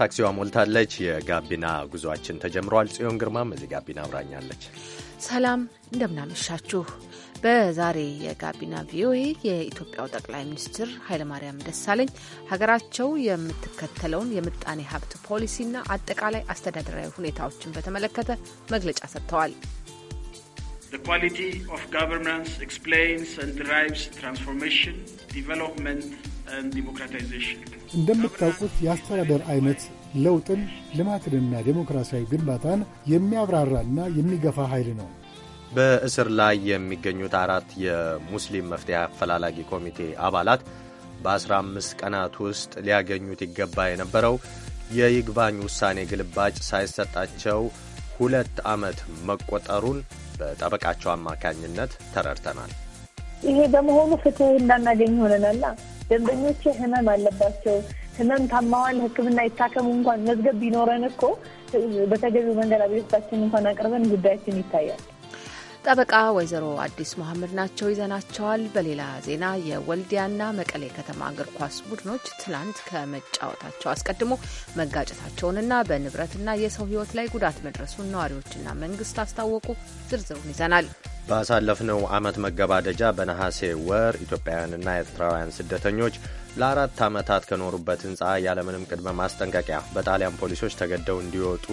ታክሲዋ ሞልታለች። የጋቢና ጉዟችን ተጀምሯል። ጽዮን ግርማም እዚህ ጋቢና አብራኛለች። ሰላም እንደምናመሻችሁ። በዛሬ የጋቢና ቪኦኤ የኢትዮጵያው ጠቅላይ ሚኒስትር ኃይለማርያም ደሳለኝ ሀገራቸው የምትከተለውን የምጣኔ ሀብት ፖሊሲና አጠቃላይ አስተዳደራዊ ሁኔታዎችን በተመለከተ መግለጫ ሰጥተዋል። The quality of governance explains and drives transformation, development እንደምታውቁት የአስተዳደር አይነት ለውጥን ልማትንና ዴሞክራሲያዊ ግንባታን የሚያብራራና የሚገፋ ኃይል ነው። በእስር ላይ የሚገኙት አራት የሙስሊም መፍትሄ አፈላላጊ ኮሚቴ አባላት በ15 ቀናት ውስጥ ሊያገኙት ይገባ የነበረው የይግባኝ ውሳኔ ግልባጭ ሳይሰጣቸው ሁለት ዓመት መቆጠሩን በጠበቃቸው አማካኝነት ተረድተናል። ይሄ በመሆኑ ፍትህ እንዳናገኝ ሆነናላ ደንበኞች ህመም አለባቸው፣ ህመም ታማዋል፣ ህክምና ይታከሙ እንኳን መዝገብ ቢኖረን እኮ በተገቢው መንገድ አቤቱታችን እንኳን አቅርበን ጉዳያችን ይታያል። ጠበቃ ወይዘሮ አዲስ መሐመድ ናቸው ይዘናቸዋል። በሌላ ዜና የወልዲያና መቀሌ ከተማ እግር ኳስ ቡድኖች ትናንት ከመጫወታቸው አስቀድሞ መጋጨታቸውንና በንብረትና የሰው ህይወት ላይ ጉዳት መድረሱን ነዋሪዎችና መንግስት አስታወቁ። ዝርዝሩን ይዘናል። ባሳለፍነው ዓመት መገባደጃ በነሐሴ ወር ኢትዮጵያውያንና ኤርትራውያን ስደተኞች ለአራት ዓመታት ከኖሩበት ህንፃ ያለምንም ቅድመ ማስጠንቀቂያ በጣሊያን ፖሊሶች ተገደው እንዲወጡ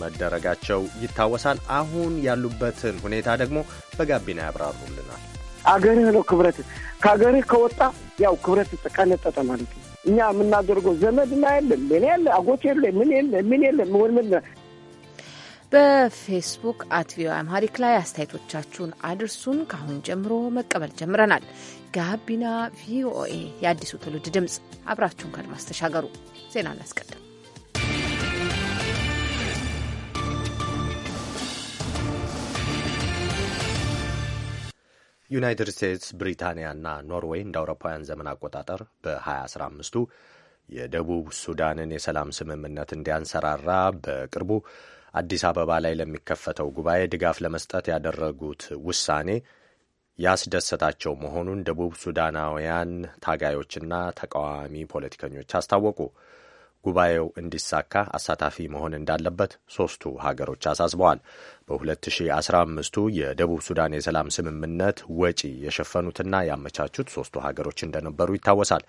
መደረጋቸው ይታወሳል። አሁን ያሉበትን ሁኔታ ደግሞ በጋቢና ያብራሩልናል። አገርህ ነው ክብረት። ከአገርህ ከወጣ ያው ክብረት ተቀነጠጠ ማለት ነው። እኛ የምናደርገው ዘመድ ና የለም ምን ያለ አጎት የለ ምን የለ ምን የለ በፌስቡክ አት ቪኦኤ አምሃሪክ ላይ አስተያየቶቻችሁን አድርሱን። ከአሁን ጀምሮ መቀበል ጀምረናል። ጋቢና ቪኦኤ የአዲሱ ትውልድ ድምፅ፣ አብራችሁን ከአድማስ ተሻገሩ። ዜና እናስቀድም። ዩናይትድ ስቴትስ ብሪታንያና ኖርዌይ እንደ አውሮፓውያን ዘመን አቆጣጠር በ2015ቱ የደቡብ ሱዳንን የሰላም ስምምነት እንዲያንሰራራ በቅርቡ አዲስ አበባ ላይ ለሚከፈተው ጉባኤ ድጋፍ ለመስጠት ያደረጉት ውሳኔ ያስደሰታቸው መሆኑን ደቡብ ሱዳናውያን ታጋዮችና ተቃዋሚ ፖለቲከኞች አስታወቁ። ጉባኤው እንዲሳካ አሳታፊ መሆን እንዳለበት ሦስቱ ሀገሮች አሳስበዋል። በ2015ቱ የደቡብ ሱዳን የሰላም ስምምነት ወጪ የሸፈኑትና ያመቻቹት ሦስቱ ሀገሮች እንደነበሩ ይታወሳል።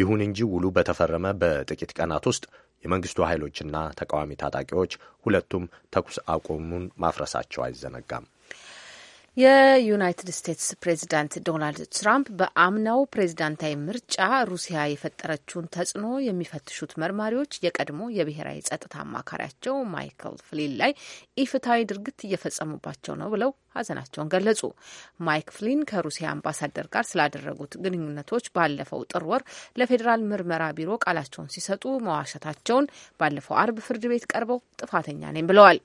ይሁን እንጂ ውሉ በተፈረመ በጥቂት ቀናት ውስጥ የመንግስቱ ኃይሎችና ተቃዋሚ ታጣቂዎች ሁለቱም ተኩስ አቁሙን ማፍረሳቸው አይዘነጋም። የዩናይትድ ስቴትስ ፕሬዚዳንት ዶናልድ ትራምፕ በአምናው ፕሬዚዳንታዊ ምርጫ ሩሲያ የፈጠረችውን ተጽዕኖ የሚፈትሹት መርማሪዎች የቀድሞ የብሔራዊ ጸጥታ አማካሪያቸው ማይክል ፍሊን ላይ ኢፍትሐዊ ድርግት እየፈጸሙባቸው ነው ብለው ሐዘናቸውን ገለጹ። ማይክ ፍሊን ከሩሲያ አምባሳደር ጋር ስላደረጉት ግንኙነቶች ባለፈው ጥር ወር ለፌዴራል ምርመራ ቢሮ ቃላቸውን ሲሰጡ መዋሸታቸውን ባለፈው አርብ ፍርድ ቤት ቀርበው ጥፋተኛ ነኝ ብለዋል።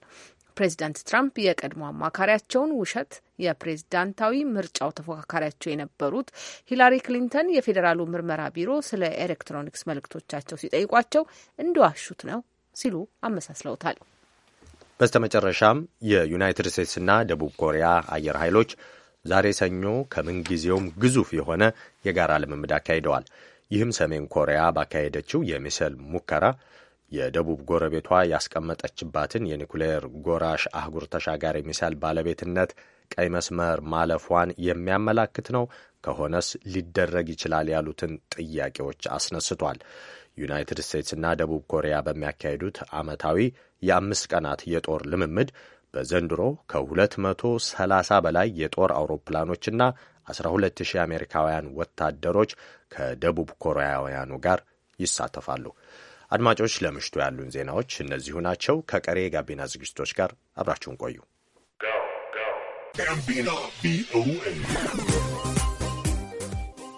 ፕሬዚዳንት ትራምፕ የቀድሞ አማካሪያቸውን ውሸት የፕሬዝዳንታዊ ምርጫው ተፎካካሪያቸው የነበሩት ሂላሪ ክሊንተን የፌዴራሉ ምርመራ ቢሮ ስለ ኤሌክትሮኒክስ መልእክቶቻቸው ሲጠይቋቸው እንደዋሹት ነው ሲሉ አመሳስለውታል። በስተመጨረሻም መጨረሻም የዩናይትድ ስቴትስና ደቡብ ኮሪያ አየር ኃይሎች ዛሬ ሰኞ ከምንጊዜውም ግዙፍ የሆነ የጋራ ልምምድ አካሂደዋል። ይህም ሰሜን ኮሪያ ባካሄደችው የሚሳይል ሙከራ የደቡብ ጎረቤቷ ያስቀመጠችባትን የኒኩሌር ጎራሽ አህጉር ተሻጋሪ ሚሳይል ባለቤትነት ቀይ መስመር ማለፏን የሚያመላክት ነው ከሆነስ ሊደረግ ይችላል ያሉትን ጥያቄዎች አስነስቷል። ዩናይትድ ስቴትስና ደቡብ ኮሪያ በሚያካሂዱት ዓመታዊ የአምስት ቀናት የጦር ልምምድ በዘንድሮ ከ230 በላይ የጦር አውሮፕላኖችና 12000 አሜሪካውያን ወታደሮች ከደቡብ ኮሪያውያኑ ጋር ይሳተፋሉ። አድማጮች፣ ለምሽቱ ያሉን ዜናዎች እነዚሁ ናቸው። ከቀሬ የጋቢና ዝግጅቶች ጋር አብራችሁን ቆዩ።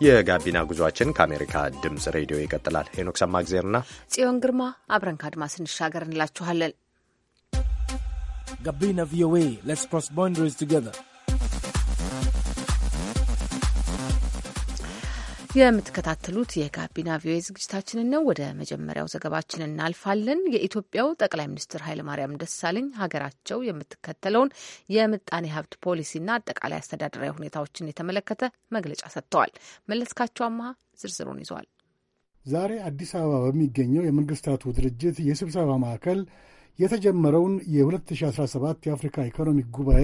የጋቢና ጉዟችን ከአሜሪካ ድምፅ ሬዲዮ ይቀጥላል። ሄኖክ ሰማግዜርና ጽዮን ግርማ አብረን ከአድማስ ስንሻገር እንላችኋለን። ጋቢና ቪኦኤ ሌትስ ክሮስ ባውንደሪስ ቱጌዘር የምትከታተሉት የጋቢና ቪኦኤ ዝግጅታችንን ነው። ወደ መጀመሪያው ዘገባችን እናልፋለን። የኢትዮጵያው ጠቅላይ ሚኒስትር ኃይለማርያም ደሳለኝ ሀገራቸው የምትከተለውን የምጣኔ ሀብት ፖሊሲና አጠቃላይ አስተዳደራዊ ሁኔታዎችን የተመለከተ መግለጫ ሰጥተዋል። መለስካቸው አማሃ ዝርዝሩን ይዟል። ዛሬ አዲስ አበባ በሚገኘው የመንግስታቱ ድርጅት የስብሰባ ማዕከል የተጀመረውን የ2017 የአፍሪካ ኢኮኖሚክ ጉባኤ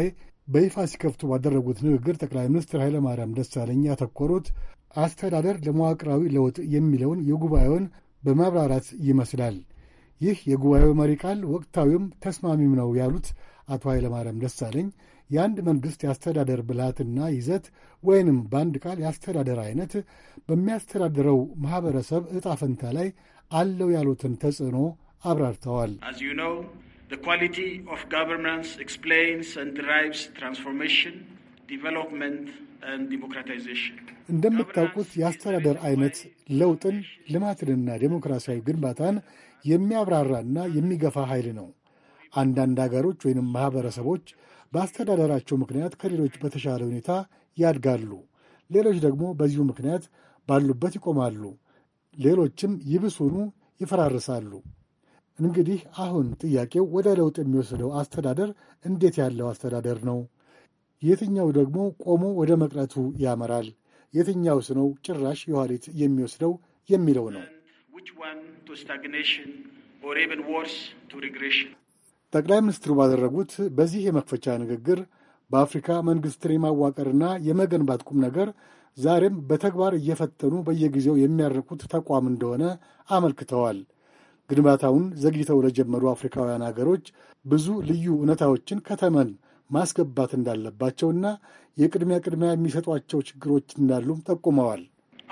በይፋ ሲከፍቱ ባደረጉት ንግግር ጠቅላይ ሚኒስትር ኃይለማርያም ደሳለኝ ያተኮሩት አስተዳደር ለመዋቅራዊ ለውጥ የሚለውን የጉባኤውን በማብራራት ይመስላል። ይህ የጉባኤው መሪ ቃል ወቅታዊም ተስማሚም ነው ያሉት አቶ ኃይለማርያም ደሳለኝ የአንድ መንግሥት የአስተዳደር ብልሃትና ይዘት ወይንም በአንድ ቃል የአስተዳደር አይነት በሚያስተዳድረው ማኅበረሰብ ዕጣ ፈንታ ላይ አለው ያሉትን ተጽዕኖ አብራርተዋል። እንደምታውቁት የአስተዳደር አይነት ለውጥን፣ ልማትንና ዴሞክራሲያዊ ግንባታን የሚያብራራና የሚገፋ ኃይል ነው። አንዳንድ አገሮች ወይንም ማኅበረሰቦች በአስተዳደራቸው ምክንያት ከሌሎች በተሻለ ሁኔታ ያድጋሉ። ሌሎች ደግሞ በዚሁ ምክንያት ባሉበት ይቆማሉ። ሌሎችም ይብሱኑ ይፈራርሳሉ። እንግዲህ አሁን ጥያቄው ወደ ለውጥ የሚወስደው አስተዳደር እንዴት ያለው አስተዳደር ነው? የትኛው ደግሞ ቆሞ ወደ መቅረቱ ያመራል፣ የትኛውስ ነው ጭራሽ የኋሊት የሚወስደው የሚለው ነው። ጠቅላይ ሚኒስትሩ ባደረጉት በዚህ የመክፈቻ ንግግር በአፍሪካ መንግሥትን የማዋቀርና የመገንባት ቁም ነገር ዛሬም በተግባር እየፈተኑ በየጊዜው የሚያረቁት ተቋም እንደሆነ አመልክተዋል። ግንባታውን ዘግይተው ለጀመሩ አፍሪካውያን አገሮች ብዙ ልዩ እውነታዎችን ከተመን ማስገባት እንዳለባቸውና የቅድሚያ ቅድሚያ የሚሰጧቸው ችግሮች እንዳሉም ጠቁመዋል።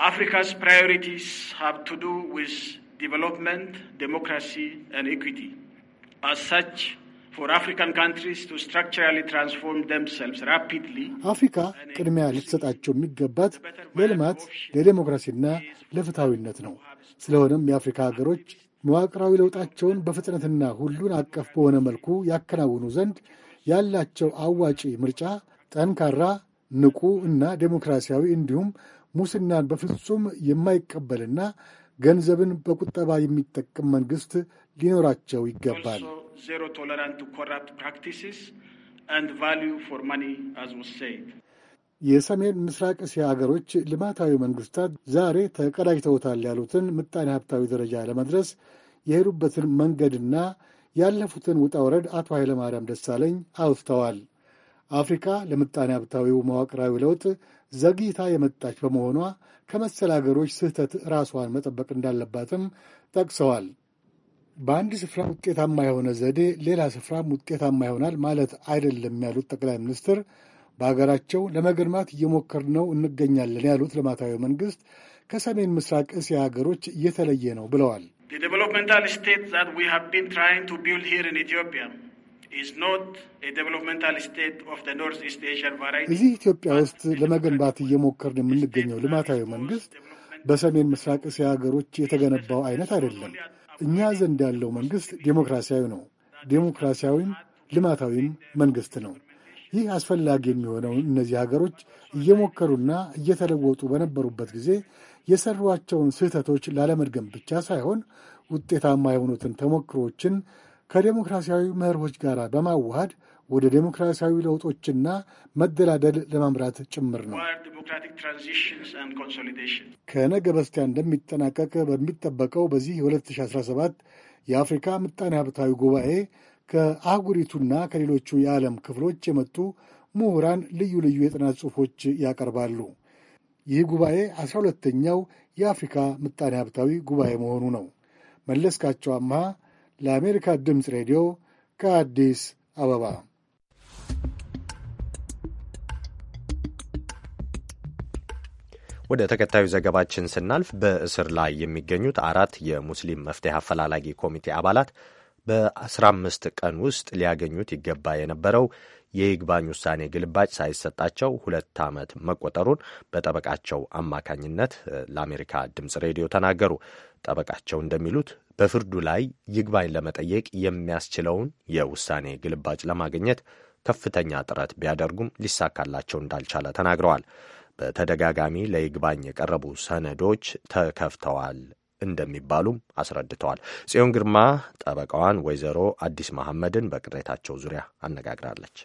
አፍሪካስ ፕራዮሪቲስ ሃብ ቱ ዱ ዊዝ ዲቨሎፕመንት ዴሞክራሲ ኤንድ ኢኩዊቲ አዝ አፍሪካ ቅድሚያ ልትሰጣቸው የሚገባት ለልማት ለዴሞክራሲና ለፍትሐዊነት ነው። ስለሆነም የአፍሪካ ሀገሮች መዋቅራዊ ለውጣቸውን በፍጥነትና ሁሉን አቀፍ በሆነ መልኩ ያከናውኑ ዘንድ ያላቸው አዋጪ ምርጫ ጠንካራ፣ ንቁ እና ዴሞክራሲያዊ እንዲሁም ሙስናን በፍጹም የማይቀበልና ገንዘብን በቁጠባ የሚጠቅም መንግስት ሊኖራቸው ይገባል። የሰሜን ምስራቅ እስያ አገሮች ልማታዊ መንግስታት ዛሬ ተቀዳጅተውታል ያሉትን ምጣኔ ሀብታዊ ደረጃ ለመድረስ የሄዱበትን መንገድና ያለፉትን ውጣ ውረድ አቶ ኃይለማርያም ደሳለኝ አውስተዋል። አፍሪካ ለምጣኔ ሀብታዊው መዋቅራዊ ለውጥ ዘግይታ የመጣች በመሆኗ ከመሰል አገሮች ስህተት ራሷን መጠበቅ እንዳለባትም ጠቅሰዋል። በአንድ ስፍራ ውጤታማ የሆነ ዘዴ ሌላ ስፍራም ውጤታማ ይሆናል ማለት አይደለም ያሉት ጠቅላይ ሚኒስትር በሀገራቸው ለመገንባት እየሞከርነው ነው እንገኛለን ያሉት ልማታዊ መንግስት ከሰሜን ምስራቅ እስያ ሀገሮች እየተለየ ነው ብለዋል። The developmental state that we have been trying to build here in Ethiopia is not a developmental state of the Asian variety. እዚህ ኢትዮጵያ ውስጥ ለመገንባት እየሞከርን የምንገኘው ልማታዊ መንግሥት በሰሜን ምስራቅ እስያ ሀገሮች የተገነባው አይነት አይደለም። እኛ ዘንድ ያለው መንግሥት ዴሞክራሲያዊ ነው። ዴሞክራሲያዊም ልማታዊም መንግሥት ነው። ይህ አስፈላጊ የሚሆነው እነዚህ ሀገሮች እየሞከሩና እየተለወጡ በነበሩበት ጊዜ የሰሯቸውን ስህተቶች ላለመድገም ብቻ ሳይሆን ውጤታማ የሆኑትን ተሞክሮዎችን ከዴሞክራሲያዊ መርሆች ጋር በማዋሃድ ወደ ዴሞክራሲያዊ ለውጦችና መደላደል ለማምራት ጭምር ነው። ከነገ በስቲያ እንደሚጠናቀቅ በሚጠበቀው በዚህ የ2017 የአፍሪካ ምጣኔ ሀብታዊ ጉባኤ ከአህጉሪቱና ከሌሎቹ የዓለም ክፍሎች የመጡ ምሁራን ልዩ ልዩ የጥናት ጽሑፎች ያቀርባሉ። ይህ ጉባኤ አስራ ሁለተኛው የአፍሪካ ምጣኔ ሀብታዊ ጉባኤ መሆኑ ነው። መለስካቸው አምሃ ለአሜሪካ ድምፅ ሬዲዮ ከአዲስ አበባ ወደ ተከታዩ ዘገባችን ስናልፍ በእስር ላይ የሚገኙት አራት የሙስሊም መፍትሄ አፈላላጊ ኮሚቴ አባላት በ15 ቀን ውስጥ ሊያገኙት ይገባ የነበረው የይግባኝ ውሳኔ ግልባጭ ሳይሰጣቸው ሁለት ዓመት መቆጠሩን በጠበቃቸው አማካኝነት ለአሜሪካ ድምፅ ሬዲዮ ተናገሩ። ጠበቃቸው እንደሚሉት በፍርዱ ላይ ይግባኝ ለመጠየቅ የሚያስችለውን የውሳኔ ግልባጭ ለማግኘት ከፍተኛ ጥረት ቢያደርጉም ሊሳካላቸው እንዳልቻለ ተናግረዋል። በተደጋጋሚ ለይግባኝ የቀረቡ ሰነዶች ተከፍተዋል እንደሚባሉም አስረድተዋል። ጽዮን ግርማ ጠበቃዋን ወይዘሮ አዲስ መሐመድን በቅሬታቸው ዙሪያ አነጋግራለች።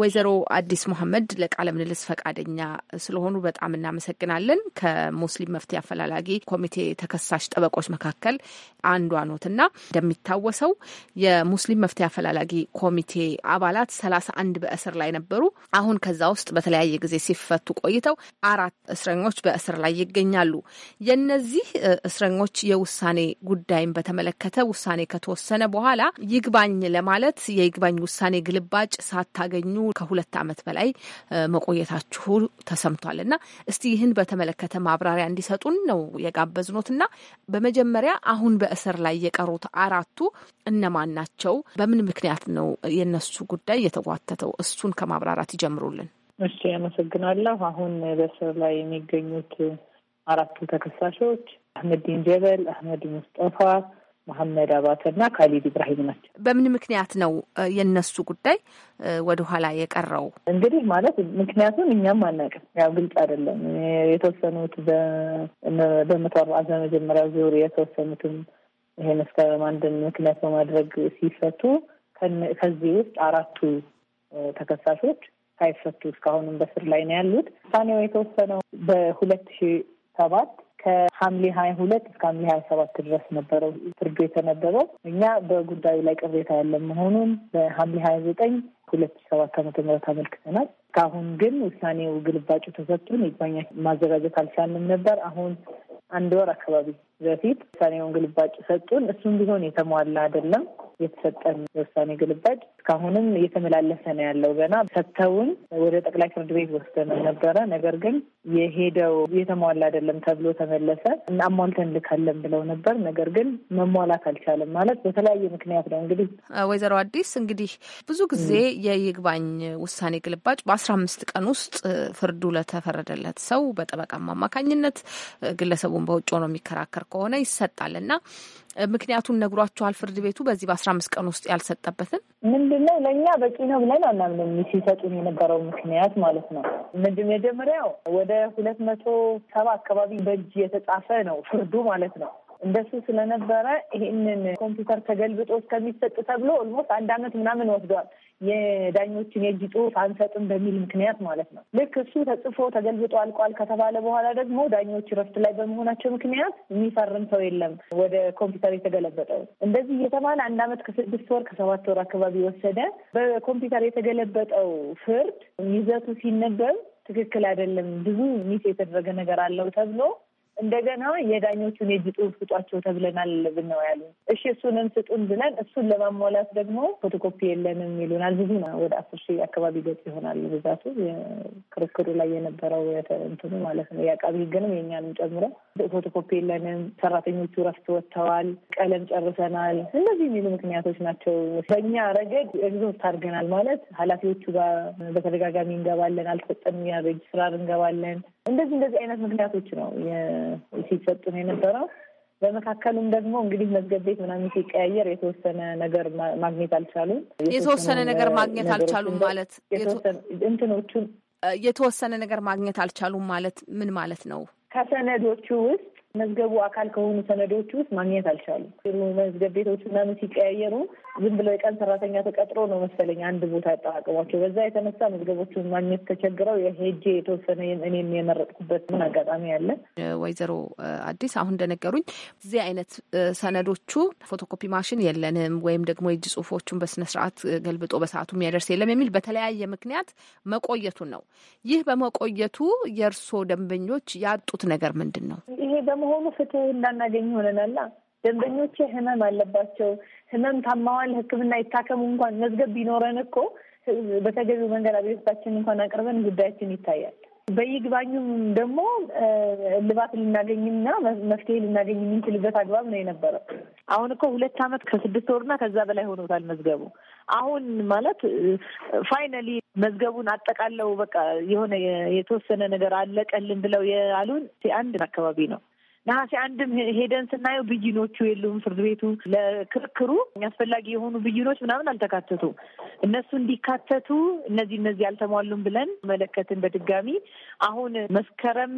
ወይዘሮ አዲስ መሐመድ ለቃለ ምልልስ ፈቃደኛ ስለሆኑ በጣም እናመሰግናለን። ከሙስሊም መፍትሄ አፈላላጊ ኮሚቴ ተከሳሽ ጠበቆች መካከል አንዷ ኖትና እንደሚታወሰው የሙስሊም መፍትሄ አፈላላጊ ኮሚቴ አባላት ሰላሳ አንድ በእስር ላይ ነበሩ። አሁን ከዛ ውስጥ በተለያየ ጊዜ ሲፈቱ ቆይተው አራት እስረኞች በእስር ላይ ይገኛሉ። የነዚህ እስረኞች የውሳኔ ጉዳይን በተመለከተ ውሳኔ ከተወሰነ በኋላ ይግባኝ ለማለት የይግባኝ ውሳኔ ግልባጭ ሳታገኙ ስትሆኑ ከሁለት ዓመት በላይ መቆየታችሁ ተሰምቷል እና እስቲ ይህን በተመለከተ ማብራሪያ እንዲሰጡን ነው የጋበዝኖት እና በመጀመሪያ አሁን በእስር ላይ የቀሩት አራቱ እነማን ናቸው? በምን ምክንያት ነው የነሱ ጉዳይ የተጓተተው? እሱን ከማብራራት ይጀምሩልን። እሺ፣ አመሰግናለሁ። አሁን በእስር ላይ የሚገኙት አራቱ ተከሳሾች አህመዲን ጀበል፣ አህመድ ሙስጠፋ፣ መሐመድ አባተና ካሊድ ኢብራሂም ናቸው። በምን ምክንያት ነው የነሱ ጉዳይ ወደ ኋላ የቀረው? እንግዲህ ማለት ምክንያቱም እኛም አናውቅም። ያው ግልጽ አይደለም። የተወሰኑት በመቶ አርባ በመጀመሪያ ዙር የተወሰኑትም ይሄን እስከ አንድን ምክንያት በማድረግ ሲፈቱ ከዚህ ውስጥ አራቱ ተከሳሾች ሳይፈቱ እስካሁንም በስር ላይ ነው ያሉት። ውሳኔው የተወሰነው በሁለት ሺህ ሰባት ከሐምሌ ሀያ ሁለት እስከ ሐምሌ ሀያ ሰባት ድረስ ነበረው ፍርዱ የተነበበው። እኛ በጉዳዩ ላይ ቅሬታ ያለ መሆኑን በሐምሌ ሀያ ዘጠኝ ሁለት ሺ ሰባት ዓመተ ምህረት አመልክተናል። እስካሁን ግን ውሳኔው ግልባጩ ተሰጥቶን ይግባኝ ማዘጋጀት አልቻልንም ነበር። አሁን አንድ ወር አካባቢ በፊት ውሳኔውን ግልባጭ ሰጡን። እሱም ቢሆን የተሟላ አይደለም። የተሰጠን ውሳኔ ግልባጭ እስካሁንም እየተመላለሰ ነው ያለው። ገና ሰጥተውን ወደ ጠቅላይ ፍርድ ቤት ወስደን ነበረ። ነገር ግን የሄደው የተሟላ አይደለም ተብሎ ተመለሰ እና አሟልተን ብለው ነበር። ነገር ግን መሟላት አልቻለም። ማለት በተለያየ ምክንያት ነው። እንግዲህ ወይዘሮ አዲስ እንግዲህ ብዙ ጊዜ የይግባኝ ውሳኔ ግልባጭ በአስራ አምስት ቀን ውስጥ ፍርዱ ለተፈረደለት ሰው በጠበቃም አማካኝነት ግለሰቡን በውጭ ሆኖ የሚከራከር ከሆነ ይሰጣል እና ምክንያቱን ነግሯችኋል ፍርድ ቤቱ በዚህ በአስራ አምስት ቀን ውስጥ ያልሰጠበትን ምንድን ነው ለእኛ በቂ ነው ብለን አናምንም። ሲሰጡን የነበረው ምክንያት ማለት ነው ምንድን የመጀመሪያው ወደ ሁለት መቶ ሰባ አካባቢ በእጅ የተጻፈ ነው ፍርዱ ማለት ነው እንደሱ ስለነበረ ይህንን ኮምፒውተር ተገልብጦ እስከሚሰጥ ተብሎ ኦልሞስት አንድ አመት ምናምን ወስዷል። የዳኞችን የእጅ ጽሁፍ አንሰጥም በሚል ምክንያት ማለት ነው። ልክ እሱ ተጽፎ ተገልብጦ አልቋል ከተባለ በኋላ ደግሞ ዳኞች ረፍት ላይ በመሆናቸው ምክንያት የሚፈርም ሰው የለም። ወደ ኮምፒውተር የተገለበጠው እንደዚህ እየተባለ አንድ አመት ከስድስት ወር ከሰባት ወር አካባቢ ወሰደ። በኮምፒውተር የተገለበጠው ፍርድ ይዘቱ ሲነበብ ትክክል አይደለም፣ ብዙ ሚስ የተደረገ ነገር አለው ተብሎ እንደገና የዳኞቹን የእጅ ጽሁፍ ስጧቸው ተብለናል ብነው ያሉ። እሺ እሱንም ስጡን ብለን እሱን ለማሟላት ደግሞ ፎቶኮፒ የለንም ይሉናል። ብዙ ነው፣ ወደ አስር ሺህ አካባቢ ገጽ ይሆናል ብዛቱ ክርክሩ ላይ የነበረው እንትኑ ማለት ነው። የአቃቢ ሕግንም የእኛንም ጨምሮ ፎቶኮፒ የለንም፣ ሰራተኞቹ ረፍት ወጥተዋል፣ ቀለም ጨርሰናል፣ እነዚህ የሚሉ ምክንያቶች ናቸው። በእኛ ረገድ ኤግዞስት አድርገናል ማለት ኃላፊዎቹ ጋር በተደጋጋሚ እንገባለን፣ አልተሰጠንም ያሬጅ ስራር እንገባለን። እንደዚህ እንደዚህ አይነት ምክንያቶች ነው ሲሰጡ ነው የነበረው። በመካከሉም ደግሞ እንግዲህ መዝገብ ቤት ምናምን ሲቀያየር የተወሰነ ነገር ማግኘት አልቻሉም። የተወሰነ ነገር ማግኘት አልቻሉም ማለት እንትኖቹን የተወሰነ ነገር ማግኘት አልቻሉም ማለት ምን ማለት ነው? ከሰነዶቹ ውስጥ መዝገቡ አካል ከሆኑ ሰነዶች ውስጥ ማግኘት አልቻሉም። መዝገብ ቤቶች ምናምን ሲቀያየሩ ዝም ብለው የቀን ሰራተኛ ተቀጥሮ ነው መሰለኝ አንድ ቦታ ያጠራቅሟቸው። በዛ የተነሳ መዝገቦቹን ማግኘት ተቸግረው የሄጄ የተወሰነ እኔም የመረጥኩበት ምን አጋጣሚ አለ። ወይዘሮ አዲስ አሁን እንደነገሩኝ እዚህ አይነት ሰነዶቹ ፎቶኮፒ ማሽን የለንም ወይም ደግሞ የእጅ ጽሁፎቹን በስነስርዓት ገልብጦ በሰዓቱ የሚያደርስ የለም የሚል በተለያየ ምክንያት መቆየቱን ነው። ይህ በመቆየቱ የእርሶ ደንበኞች ያጡት ነገር ምንድን ነው? ይሄ አለመሆኑ ፍትህ እንዳናገኝ ሆነናላ። ደንበኞች ህመም አለባቸው። ህመም ታማዋል፣ ህክምና ይታከሙ እንኳን መዝገብ ቢኖረን እኮ በተገቢው መንገድ አቤቱታችን እንኳን አቅርበን ጉዳያችን ይታያል። በይግባኙም ደግሞ እልባት ልናገኝና መፍትሄ ልናገኝ የምንችልበት አግባብ ነው የነበረው። አሁን እኮ ሁለት ዓመት ከስድስት ወርና ከዛ በላይ ሆኖታል መዝገቡ። አሁን ማለት ፋይናሊ መዝገቡን አጠቃለው በቃ የሆነ የተወሰነ ነገር አለቀልን ብለው ያሉን አንድ አካባቢ ነው። ነሐሴ አንድም ሄደን ስናየው ብይኖቹ የሉም። ፍርድ ቤቱ ለክርክሩ አስፈላጊ የሆኑ ብይኖች ምናምን አልተካተቱ እነሱ እንዲካተቱ እነዚህ እነዚህ አልተሟሉም ብለን መለከትን በድጋሚ አሁን መስከረም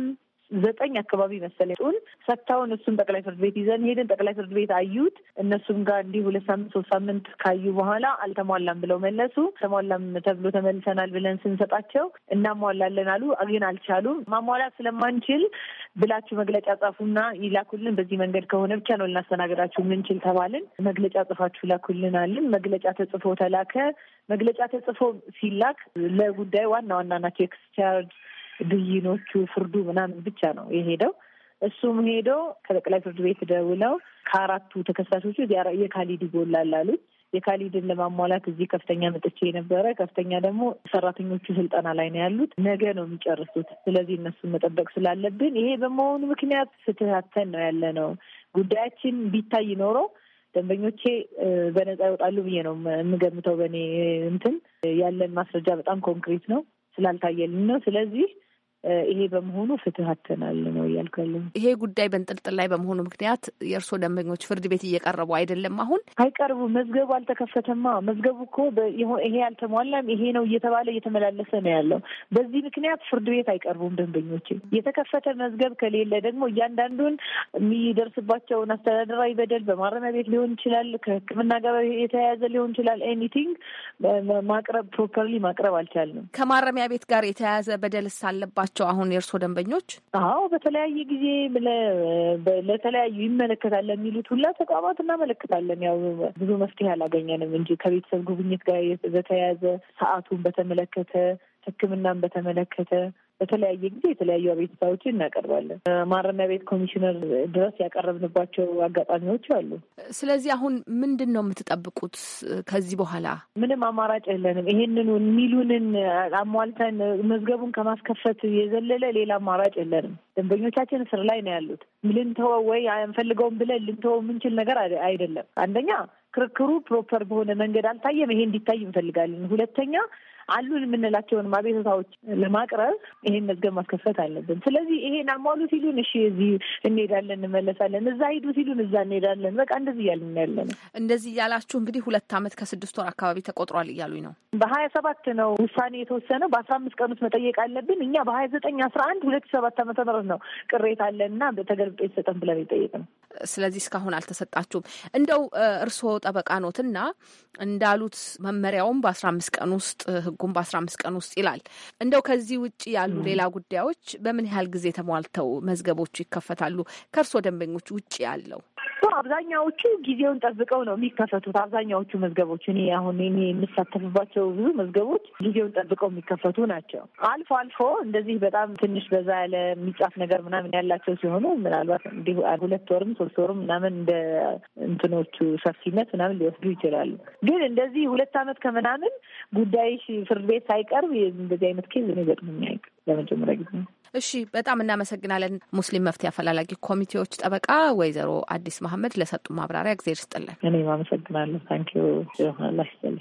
ዘጠኝ አካባቢ መሰለኝ ጡን ሰጥታውን እሱን ጠቅላይ ፍርድ ቤት ይዘን ሄድን። ጠቅላይ ፍርድ ቤት አዩት። እነሱም ጋር እንዲህ ሁለት ሳምንት ሶስት ሳምንት ካዩ በኋላ አልተሟላም ብለው መለሱ። ተሟላም ተብሎ ተመልሰናል ብለን ስንሰጣቸው እናሟላለን አሉ። ግን አልቻሉም። ማሟላት ስለማንችል ብላችሁ መግለጫ ጻፉና ይላኩልን። በዚህ መንገድ ከሆነ ብቻ ነው ልናስተናግዳችሁ የምንችል ተባልን። መግለጫ ጽፋችሁ ላኩልን አልን። መግለጫ ተጽፎ ተላከ። መግለጫ ተጽፎ ሲላክ ለጉዳይ ዋና ዋና ናቸው ኤክስቻርጅ ብይኖቹ ፍርዱ ምናምን ብቻ ነው የሄደው። እሱም ሄዶ ከጠቅላይ ፍርድ ቤት ደውለው ከአራቱ ተከሳሾቹ የካሊድ ይጎላል አሉኝ። የካሊድን ለማሟላት እዚህ ከፍተኛ መጥቼ የነበረ ከፍተኛ ደግሞ ሰራተኞቹ ስልጠና ላይ ነው ያሉት፣ ነገ ነው የሚጨርሱት። ስለዚህ እነሱን መጠበቅ ስላለብን ይሄ በመሆኑ ምክንያት ስትታተን ነው ያለ ነው ጉዳያችን ቢታይ ኖሮ ደንበኞቼ በነፃ ይወጣሉ ብዬ ነው የምገምተው። በእኔ እንትን ያለን ማስረጃ በጣም ኮንክሪት ነው፣ ስላልታየልን ነው። ስለዚህ ይሄ በመሆኑ ፍትህ አተናል ነው እያልካለን። ይሄ ጉዳይ በንጥልጥል ላይ በመሆኑ ምክንያት የእርስዎ ደንበኞች ፍርድ ቤት እየቀረቡ አይደለም? አሁን አይቀርቡ፣ መዝገቡ አልተከፈተማ። መዝገቡ እኮ ይሄ አልተሟላም፣ ይሄ ነው እየተባለ እየተመላለሰ ነው ያለው። በዚህ ምክንያት ፍርድ ቤት አይቀርቡም ደንበኞች። የተከፈተ መዝገብ ከሌለ ደግሞ እያንዳንዱን የሚደርስባቸውን አስተዳደራዊ በደል በማረሚያ ቤት ሊሆን ይችላል፣ ከህክምና ጋር የተያያዘ ሊሆን ይችላል። ኤኒቲንግ ማቅረብ ፕሮፐርሊ ማቅረብ አልቻልንም። ከማረሚያ ቤት ጋር የተያያዘ በደልስ አለባቸው ናቸው አሁን የእርስዎ ደንበኞች? አዎ በተለያየ ጊዜ ለተለያዩ ይመለከታል ለሚሉት ሁላ ተቋማት እናመለክታለን። ያው ብዙ መፍትሄ አላገኘንም እንጂ ከቤተሰብ ጉብኝት ጋር በተያያዘ ሰዓቱን በተመለከተ ሕክምናን በተመለከተ በተለያየ ጊዜ የተለያዩ አቤቱታዎችን እናቀርባለን። ማረሚያ ቤት ኮሚሽነር ድረስ ያቀረብንባቸው አጋጣሚዎች አሉ። ስለዚህ አሁን ምንድን ነው የምትጠብቁት? ከዚህ በኋላ ምንም አማራጭ የለንም። ይሄንኑ የሚሉንን አሟልተን መዝገቡን ከማስከፈት የዘለለ ሌላ አማራጭ የለንም። ደንበኞቻችን እስር ላይ ነው ያሉት። ልንተወው ወይ አንፈልገውም ብለን ልንተወው የምንችል ነገር አይደለም። አንደኛ ክርክሩ ፕሮፐር በሆነ መንገድ አልታየም። ይሄ እንዲታይ እንፈልጋለን። ሁለተኛ አሉን የምንላቸውን አቤቱታዎች ለማቅረብ ይሄን መዝገብ ማስከፈት አለብን። ስለዚህ ይሄን አሟሉ ሲሉን እሺ እዚህ እንሄዳለን እንመለሳለን፣ እዛ ሂዱ ሲሉን እዛ እንሄዳለን። በቃ እንደዚህ እያልን ያለ ነው። እንደዚህ እያላችሁ እንግዲህ ሁለት ዓመት ከስድስት ወር አካባቢ ተቆጥሯል እያሉኝ ነው። በሀያ ሰባት ነው ውሳኔ የተወሰነው። በአስራ አምስት ቀን ውስጥ መጠየቅ አለብን እኛ በሀያ ዘጠኝ አስራ አንድ ሁለት ሰባት አመተ ምህረት ነው ቅሬታ አለንና ተገልብጦ የተሰጠን ብለን የጠየቅ ነው። ስለዚህ እስካሁን አልተሰጣችሁም። እንደው እርስዎ ጠበቃ ኖትና እንዳሉት መመሪያውም በአስራ አምስት ቀን ውስጥ ህጉም በአስራ አምስት ቀን ውስጥ ይላል። እንደው ከዚህ ውጭ ያሉ ሌላ ጉዳዮች በምን ያህል ጊዜ ተሟልተው መዝገቦቹ ይከፈታሉ? ከእርስዎ ደንበኞች ውጭ ያለው አብዛኛዎቹ ጊዜውን ጠብቀው ነው የሚከፈቱት። አብዛኛዎቹ መዝገቦች እኔ አሁን እኔ የምሳተፍባቸው ብዙ መዝገቦች ጊዜውን ጠብቀው የሚከፈቱ ናቸው። አልፎ አልፎ እንደዚህ በጣም ትንሽ በዛ ያለ የሚጻፍ ነገር ምናምን ያላቸው ሲሆኑ ምናልባት እንዲሁ ሁለት ወርም ሶስት ወርም ምናምን እንደ እንትኖቹ ሰፊነት ምናምን ሊወስዱ ይችላሉ። ግን እንደዚህ ሁለት ዓመት ከምናምን ጉዳይ ፍርድ ቤት ሳይቀርብ እንደዚህ አይነት ኬዝ እኔ ገጥሞኝ አይቅ ለመጀመሪያ ጊዜ ነው። እሺ፣ በጣም እናመሰግናለን። ሙስሊም መፍትሄ አፈላላጊ ኮሚቴዎች ጠበቃ ወይዘሮ አዲስ መሐመድ ለሰጡ ማብራሪያ እግዜር ይስጥልን። እኔም አመሰግናለሁ። ታንኪዩ ላ ይስጥልን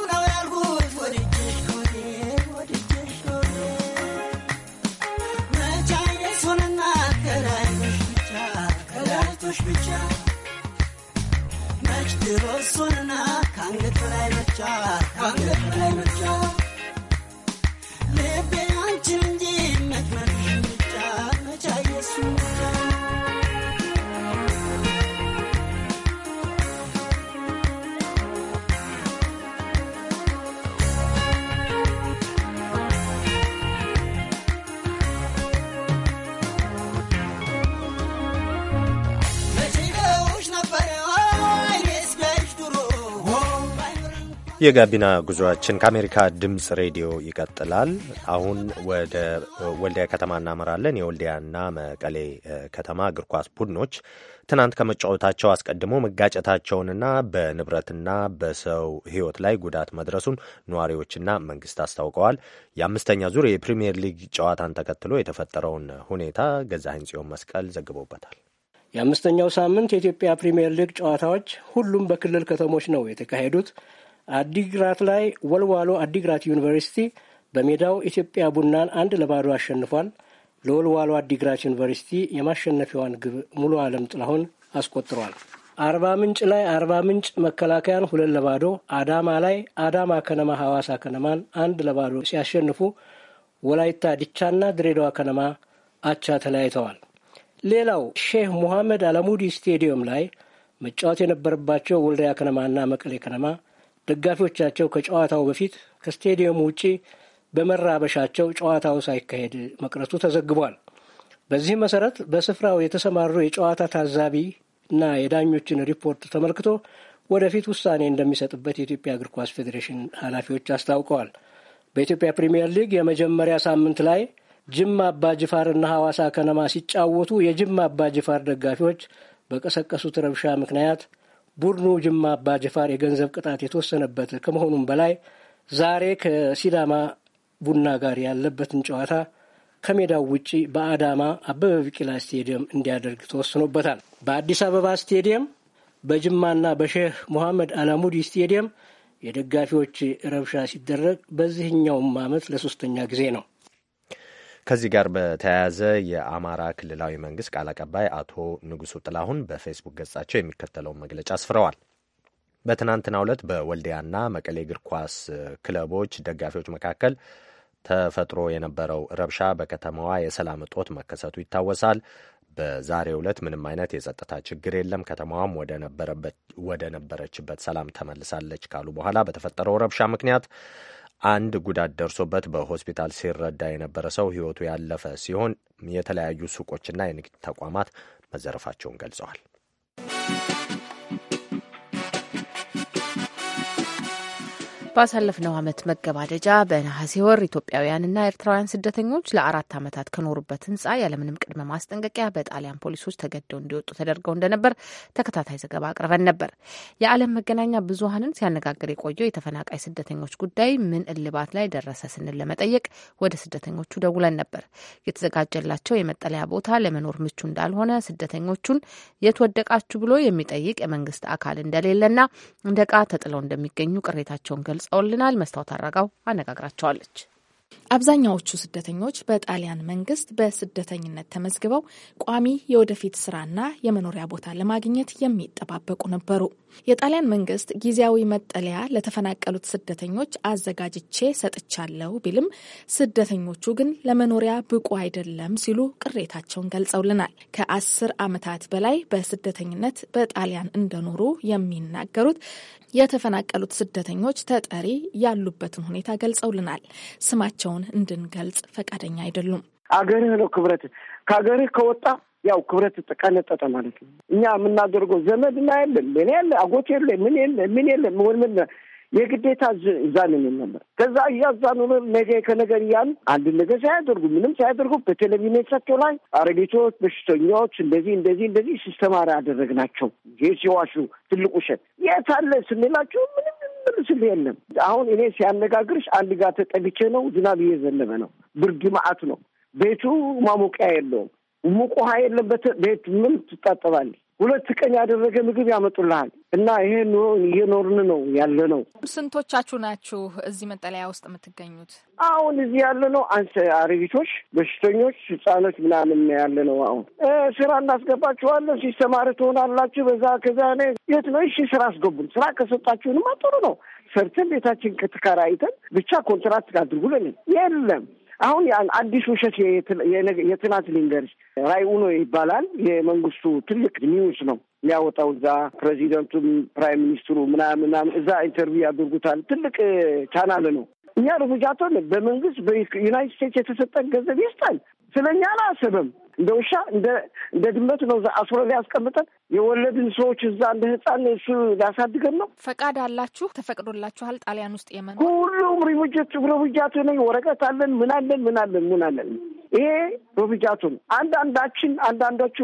አይዞሽ ብቻ መች ድሮሱንና ከአንገት በላይ ብቻ ከአንገት በላይ ብቻ ልቤ አንቺን እንጂ መች የጋቢና ጉዞአችን ከአሜሪካ ድምፅ ሬዲዮ ይቀጥላል። አሁን ወደ ወልዲያ ከተማ እናመራለን። የወልዲያና መቀሌ ከተማ እግር ኳስ ቡድኖች ትናንት ከመጫወታቸው አስቀድሞ መጋጨታቸውንና በንብረትና በሰው ሕይወት ላይ ጉዳት መድረሱን ነዋሪዎችና መንግስት አስታውቀዋል። የአምስተኛ ዙር የፕሪምየር ሊግ ጨዋታን ተከትሎ የተፈጠረውን ሁኔታ ገዛኸኝ ጽዮን መስቀል ዘግቦበታል። የአምስተኛው ሳምንት የኢትዮጵያ ፕሪምየር ሊግ ጨዋታዎች ሁሉም በክልል ከተሞች ነው የተካሄዱት። አዲግራት ላይ ወልዋሎ አዲግራት ዩኒቨርሲቲ በሜዳው ኢትዮጵያ ቡናን አንድ ለባዶ አሸንፏል። ለወልዋሎ አዲግራት ዩኒቨርሲቲ የማሸነፊያዋን ግብ ሙሉ ዓለም ጥላሁን አስቆጥሯል። አርባ ምንጭ ላይ አርባ ምንጭ መከላከያን ሁለት ለባዶ፣ አዳማ ላይ አዳማ ከነማ ሐዋሳ ከነማን አንድ ለባዶ ሲያሸንፉ ወላይታ ዲቻና ድሬዳዋ ከነማ አቻ ተለያይተዋል። ሌላው ሼህ ሙሐመድ አለሙዲ ስቴዲየም ላይ መጫወት የነበረባቸው ወልዳያ ከነማና መቀሌ ከነማ ደጋፊዎቻቸው ከጨዋታው በፊት ከስቴዲየሙ ውጪ በመራበሻቸው ጨዋታው ሳይካሄድ መቅረቱ ተዘግቧል። በዚህ መሰረት በስፍራው የተሰማሩ የጨዋታ ታዛቢ እና የዳኞችን ሪፖርት ተመልክቶ ወደፊት ውሳኔ እንደሚሰጥበት የኢትዮጵያ እግር ኳስ ፌዴሬሽን ኃላፊዎች አስታውቀዋል። በኢትዮጵያ ፕሪምየር ሊግ የመጀመሪያ ሳምንት ላይ ጅማ አባ ጅፋርና ሐዋሳ ከነማ ሲጫወቱ የጅማ አባ ጅፋር ደጋፊዎች በቀሰቀሱት ረብሻ ምክንያት ቡድኑ ጅማ አባ ጀፋር የገንዘብ ቅጣት የተወሰነበት ከመሆኑም በላይ ዛሬ ከሲዳማ ቡና ጋር ያለበትን ጨዋታ ከሜዳው ውጪ በአዳማ አበበ ቢቂላ ስቴዲየም እንዲያደርግ ተወስኖበታል። በአዲስ አበባ ስቴዲየም፣ በጅማና በሼህ ሙሐመድ አላሙዲ ስቴዲየም የደጋፊዎች ረብሻ ሲደረግ በዚህኛውም ዓመት ለሶስተኛ ጊዜ ነው። ከዚህ ጋር በተያያዘ የአማራ ክልላዊ መንግስት ቃል አቀባይ አቶ ንጉሱ ጥላሁን በፌስቡክ ገጻቸው የሚከተለውን መግለጫ አስፍረዋል። በትናንትናው ዕለት በወልዲያና መቀሌ እግር ኳስ ክለቦች ደጋፊዎች መካከል ተፈጥሮ የነበረው ረብሻ በከተማዋ የሰላም እጦት መከሰቱ ይታወሳል። በዛሬው ዕለት ምንም አይነት የጸጥታ ችግር የለም፣ ከተማዋም ወደ ነበረችበት ሰላም ተመልሳለች ካሉ በኋላ በተፈጠረው ረብሻ ምክንያት አንድ ጉዳት ደርሶበት በሆስፒታል ሲረዳ የነበረ ሰው ህይወቱ ያለፈ ሲሆን የተለያዩ ሱቆችና የንግድ ተቋማት መዘረፋቸውን ገልጸዋል። ባሳለፍነው ዓመት መገባደጃ በነሐሴ ወር ኢትዮጵያውያንና ኤርትራውያን ስደተኞች ለአራት ዓመታት ከኖሩበት ህንፃ ያለምንም ቅድመ ማስጠንቀቂያ በጣሊያን ፖሊሶች ተገደው እንዲወጡ ተደርገው እንደነበር ተከታታይ ዘገባ አቅርበን ነበር። የዓለም መገናኛ ብዙሀንን ሲያነጋግር የቆየው የተፈናቃይ ስደተኞች ጉዳይ ምን እልባት ላይ ደረሰ ስንል ለመጠየቅ ወደ ስደተኞቹ ደውለን ነበር። የተዘጋጀላቸው የመጠለያ ቦታ ለመኖር ምቹ እንዳልሆነ፣ ስደተኞቹን የት ወደቃችሁ ብሎ የሚጠይቅ የመንግስት አካል እንደሌለና እንደ ዕቃ ተጥለው እንደሚገኙ ቅሬታቸውን ገልጸው ገልጸውልናል። መስታወት አራጋው አነጋግራቸዋለች። አብዛኛዎቹ ስደተኞች በጣሊያን መንግስት በስደተኝነት ተመዝግበው ቋሚ የወደፊት ስራና የመኖሪያ ቦታ ለማግኘት የሚጠባበቁ ነበሩ። የጣሊያን መንግስት ጊዜያዊ መጠለያ ለተፈናቀሉት ስደተኞች አዘጋጅቼ ሰጥቻለሁ ቢልም ስደተኞቹ ግን ለመኖሪያ ብቁ አይደለም ሲሉ ቅሬታቸውን ገልጸውልናል። ከአስር ዓመታት በላይ በስደተኝነት በጣሊያን እንደኖሩ የሚናገሩት የተፈናቀሉት ስደተኞች ተጠሪ ያሉበትን ሁኔታ ገልጸውልናል። ስማቸውን እንድንገልጽ ፈቃደኛ አይደሉም። አገርህ ነው ክብረት ከአገርህ ከወጣ ያው ክብረት ቀነጠጠ ማለት ነው። እኛ የምናደርገው ና የለም ምን ያለ አጎት የለ ምን የለ ምን የለ ምን የግዴታ ዛንን ነበር። ከዛ እያዛኑ ነገ ከነገር እያሉ አንድ ነገር ሳያደርጉ ምንም ሳያደርጉ በቴሌቪዥናቸው ላይ አረጌቶች፣ በሽተኛዎች እንደዚህ እንደዚህ እንደዚህ ሲስተማሪ ያደረግ ናቸው ሲዋሹ ትልቁ ውሸት የት አለ ስንላቸው ምንም ምልስል የለም። አሁን እኔ ሲያነጋግርሽ አንድ ጋር ተጠግቼ ነው፣ ዝናብ እየዘነበ ነው፣ ብርድ ማዕት ነው፣ ቤቱ ማሞቂያ የለውም። ሙቅ ውሃ የለበት ቤት ምን ትጣጠባል? ሁለት ቀን ያደረገ ምግብ ያመጡልሃል። እና ይሄ ኑሮ እየኖርን ነው ያለ ነው። ስንቶቻችሁ ናችሁ እዚህ መጠለያ ውስጥ የምትገኙት? አሁን እዚህ ያለ ነው አንሰ አረቢቶች፣ በሽተኞች፣ ህጻኖች ምናምን ያለ ነው። አሁን ስራ እናስገባችኋለን፣ ሲስተማር ትሆናላችሁ። በዛ ከዛ ነ የት ነው? እሺ ስራ አስገቡን። ስራ ከሰጣችሁንማ ጥሩ ነው ሰርተን ቤታችን ከተከራይተን ብቻ ኮንትራክት አድርጉልን። የለም አሁን አዲስ ውሸት የትናንት ራይ ኡኖ ይባላል የመንግስቱ ትልቅ ኒውስ ነው የሚያወጣው። እዛ ፕሬዚደንቱም ፕራይም ሚኒስትሩ ምናምን ምናምን እዛ ኢንተርቪው ያደርጉታል። ትልቅ ቻናል ነው። እኛ ሪፉጃቶን በመንግስት በዩናይትድ ስቴትስ የተሰጠን ገንዘብ ይስጣል። ስለ እኛ አላሰበም። እንደ ውሻ እንደ ድመት ነው አስሮ ያስቀምጠን የወለድን ሰዎች እዛ እንደ ህፃን እሱ ሊያሳድገን ነው። ፈቃድ አላችሁ ተፈቅዶላችኋል ጣሊያን ውስጥ የመን ሁሉም ሪቡጀት ሮቡጃቱ ነ ወረቀት አለን ምን አለን ምን አለን ምን አለን ይሄ ሮቡጃቱ አንዳንዳችን አንዳንዶቹ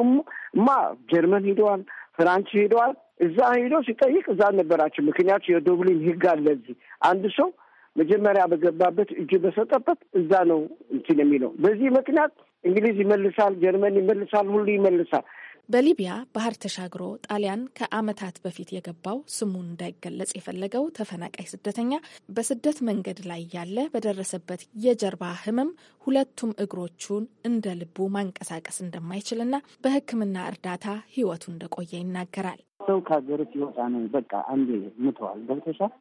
ማ ጀርመን ሂደዋል፣ ፍራንች ሂደዋል። እዛ ሂዶ ሲጠይቅ እዛ አልነበራቸው። ምክንያቱ የዶብሊን ህግ አለ እዚህ አንድ ሰው መጀመሪያ በገባበት እጅ በሰጠበት እዛ ነው እንትን የሚለው በዚህ ምክንያት እንግሊዝ ይመልሳል፣ ጀርመን ይመልሳል፣ ሁሉ ይመልሳል። በሊቢያ ባህር ተሻግሮ ጣሊያን ከዓመታት በፊት የገባው ስሙን እንዳይገለጽ የፈለገው ተፈናቃይ ስደተኛ በስደት መንገድ ላይ ያለ በደረሰበት የጀርባ ሕመም ሁለቱም እግሮቹን እንደ ልቡ ማንቀሳቀስ እንደማይችልና በሕክምና እርዳታ ሕይወቱ እንደቆየ ይናገራል። ሰው ከሀገሩ ሲወጣ ነው በቃ አንዴ ምተዋል። ገብተሻል።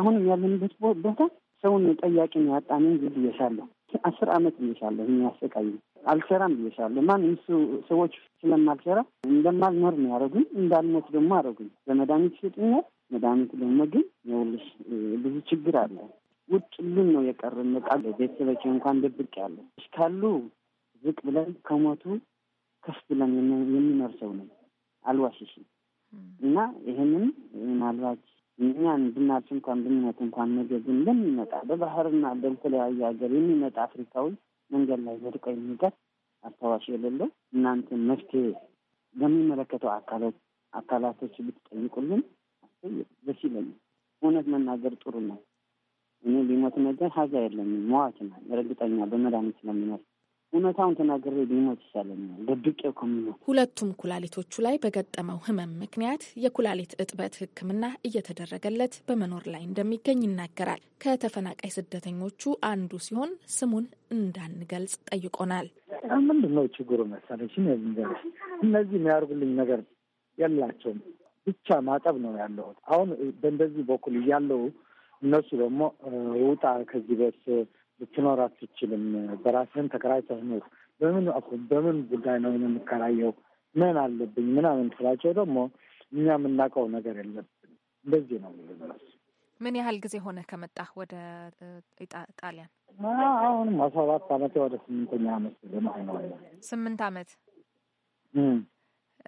አሁንም ያለንበት ቦታ ሰውን ጠያቂ ነው ያጣን። እየሻለሁ አስር አመት ብዬሻለሁ የሚያሰቃይ አልሰራም ብዬሻለሁ። እሱ ሰዎች ስለማልሰራ እንደማልኖር ነው ያደረጉኝ። እንዳልሞት ደግሞ አደረጉኝ። በመድኃኒት ይሰጡኛል። መድኃኒት ደግሞ ግን ይኸውልሽ ብዙ ችግር አለ። ውጭ ልን ነው የቀረን። ቃል ቤተሰቦች እንኳን ደብቅ ያለ እስካሉ ዝቅ ብለን ከሞቱ ከፍ ብለን የምንኖር ሰው ነው። አልዋሽሽም እና ይህንን ምናልባት እኛን ብናች እንኳን ብንመት እንኳን ነገ ግን በሚመጣ በባህርና በተለያየ ሀገር የሚመጣ አፍሪካዊ መንገድ ላይ ወድቆ የሚቀር አስታዋሽ የሌለው እናንተ መፍትሄ በሚመለከተው አካሎች አካላቶች ብትጠይቁልን ደስ ይለኛል። እውነት መናገር ጥሩ ነው። እኔ ሊሞት ነገር ሀዛ የለኝም። መዋች ነው እርግጠኛ በመድኃኒት ስለሚኖር እውነታውን ተናገሬ ሊሞት ይሻለኛል። ደብቄ ኮሚኖ ሁለቱም ኩላሊቶቹ ላይ በገጠመው ህመም ምክንያት የኩላሊት እጥበት ሕክምና እየተደረገለት በመኖር ላይ እንደሚገኝ ይናገራል። ከተፈናቃይ ስደተኞቹ አንዱ ሲሆን ስሙን እንዳንገልጽ ጠይቆናል። ምንድን ነው ችግሩ መሰለሽ? እነዚህ የሚያደርጉልኝ ነገር የላቸውም። ብቻ ማጠብ ነው ያለሁት። አሁን በእንደዚህ በኩል እያለው እነሱ ደግሞ ውጣ ከዚህ በስ ልትኖር አትችልም። በራስህን ተከራይተህ ኑር። በምን በምን ጉዳይ ነው የምንከራየው? ምን አለብኝ ምናምን ስላቸው ደግሞ እኛ የምናውቀው ነገር የለብን እንደዚህ ነው። ምን ያህል ጊዜ ሆነ ከመጣህ ወደ ጣሊያን? አሁንም ሰባት አመት ወደ ስምንተኛ አመት ስምንት አመት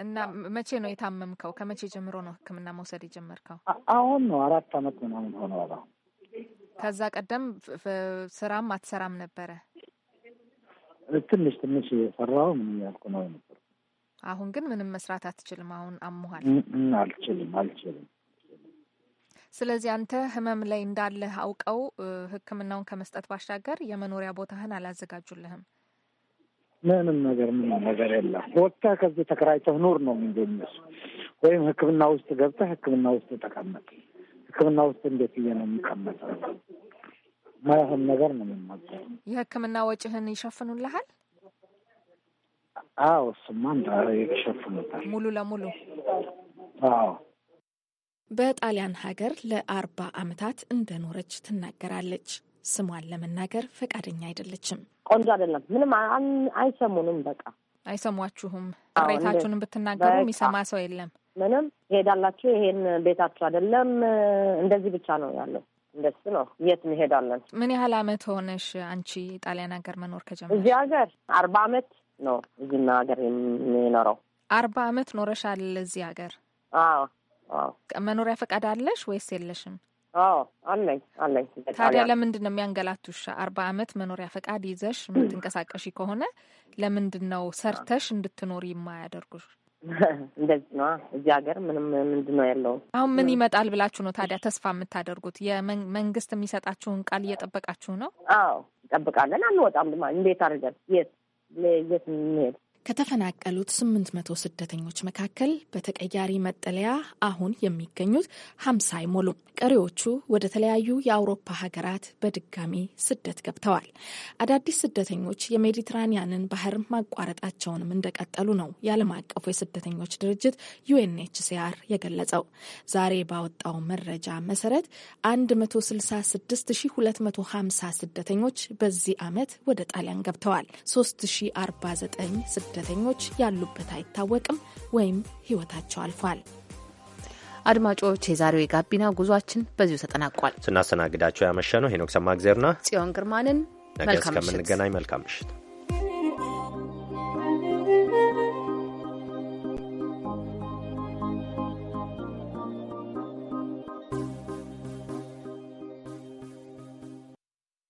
እና መቼ ነው የታመምከው? ከመቼ ጀምሮ ነው ህክምና መውሰድ የጀመርከው? አሁን ነው አራት አመት ምናምን ሆነ። ከዛ ቀደም ስራም አትሰራም ነበረ? ትንሽ ትንሽ እየሰራው ምን ያልኩ ነው ነበር። አሁን ግን ምንም መስራት አትችልም። አሁን አሙሃል። አልችልም አልችልም። ስለዚህ አንተ ህመም ላይ እንዳለህ አውቀው ህክምናውን ከመስጠት ባሻገር የመኖሪያ ቦታህን አላዘጋጁልህም? ምንም ነገር ምንም ነገር የለም። ወጥተህ ከዚህ ተከራይተህ ኑር ነው እንደ ወይም ህክምና ውስጥ ገብተህ ህክምና ውስጥ ተቀመጥ ሕክምና ውስጥ እንዴት ብዬ ነው የሚቀመጠው? ማይሆን ነገር ነው የሚመገብ። የሕክምና ወጪህን ይሸፍኑልሃል? አዎ እሱማ እንዳ ይሸፍኑታል ሙሉ ለሙሉ አዎ። በጣሊያን ሀገር ለአርባ አመታት እንደኖረች ትናገራለች። ስሟን ለመናገር ፈቃደኛ አይደለችም። ቆንጆ አይደለም። ምንም አይሰሙንም። በቃ አይሰሟችሁም። ቅሬታችሁንም ብትናገሩ የሚሰማ ሰው የለም። ምንም ይሄዳላችሁ፣ ይሄን ቤታችሁ አይደለም እንደዚህ ብቻ ነው ያለው። እንደሱ ነው። የት እንሄዳለን? ምን ያህል አመት ሆነሽ አንቺ ጣሊያን ሀገር መኖር ከጀመርሽ? እዚህ ሀገር አርባ አመት ነው እዚህና ሀገር የሚኖረው። አርባ አመት ኖረሻል እዚህ ሀገር? አዎ አዎ። መኖሪያ ፈቃድ አለሽ ወይስ የለሽም? አዎ አለኝ አለኝ። ታዲያ ለምንድን ነው የሚያንገላቱሽ? አርባ አመት መኖሪያ ፈቃድ ይዘሽ የምትንቀሳቀሺ ከሆነ ለምንድን ነው ሰርተሽ እንድትኖሪ የማያደርጉሽ? እንደዚህ ነዋ። እዚህ ሀገር ምንም ምንድን ነው ያለው። አሁን ምን ይመጣል ብላችሁ ነው ታዲያ ተስፋ የምታደርጉት? የመንግስት የሚሰጣችሁን ቃል እየጠበቃችሁ ነው? አዎ፣ እንጠብቃለን። አንወጣም ድማ እንዴት አድርገን የት የት ከተፈናቀሉት 800 ስደተኞች መካከል በተቀያሪ መጠለያ አሁን የሚገኙት 50 አይሞሉም። ቀሪዎቹ ወደ ተለያዩ የአውሮፓ ሀገራት በድጋሚ ስደት ገብተዋል። አዳዲስ ስደተኞች የሜዲትራኒያንን ባህር ማቋረጣቸውንም እንደቀጠሉ ነው የዓለም አቀፉ የስደተኞች ድርጅት ዩኤንኤችሲአር የገለጸው። ዛሬ ባወጣው መረጃ መሰረት 166,250 ስደተኞች በዚህ ዓመት ወደ ጣሊያን ገብተዋል። 3049 ስደ ስደተኞች ያሉበት አይታወቅም ወይም ሕይወታቸው አልፏል። አድማጮች፣ የዛሬው የጋቢና ጉዟችን በዚሁ ተጠናቋል። ስናስተናግዳቸው ያመሸ ነው ሄኖክ ሰማእግዜርና ጽዮን ግርማንን። ነገ እስከምንገናኝ መልካም ምሽት።